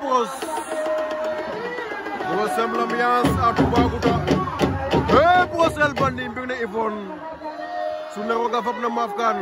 bos. Bos semblamian satu bagu ta. Eh bos elbandi impune iPhone. Sunne roga fap na mafkan.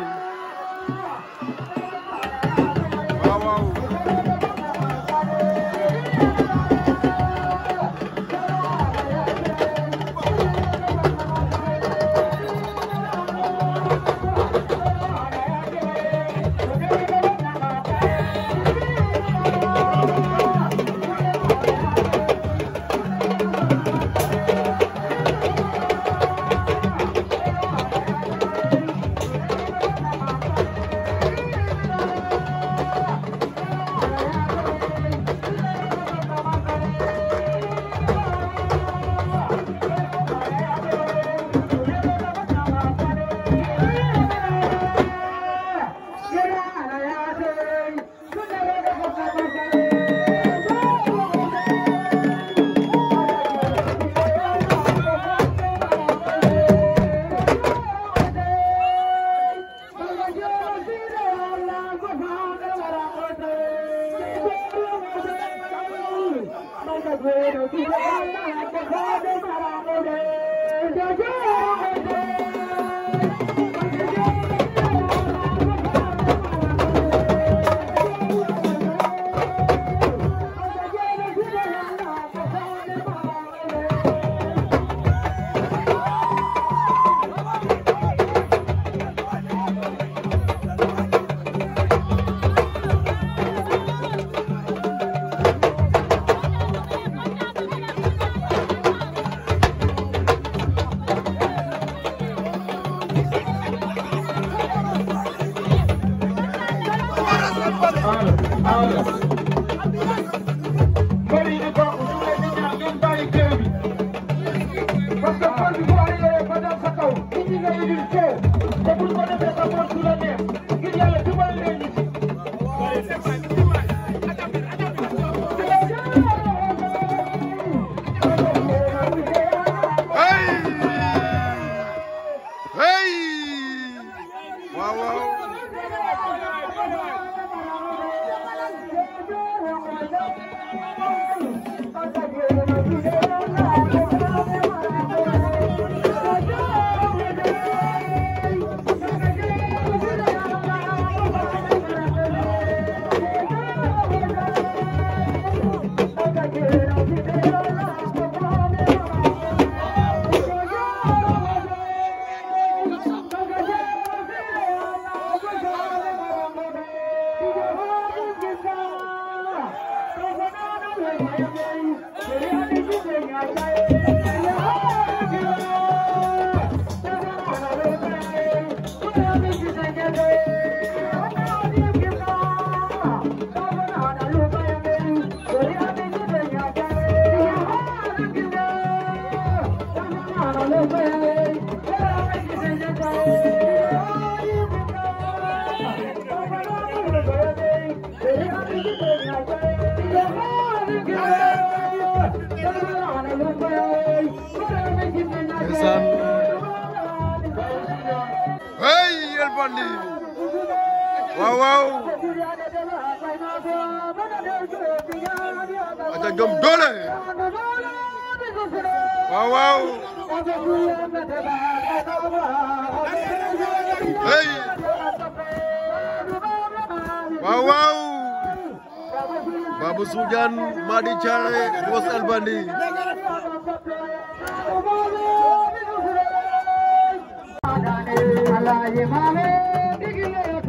Thank you. anos, anos. Thank you. bandi waaw waaw aca jom doole waaw waaw hey যেভাবে বিগড়ে ওঠা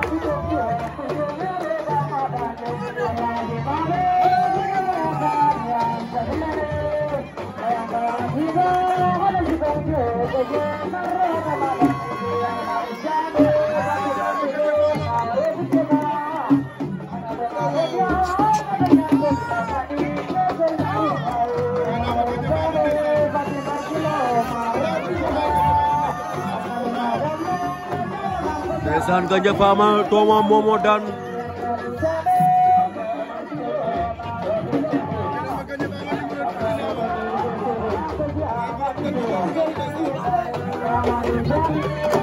ndeysaan Gandia Fama doomam moom moo daan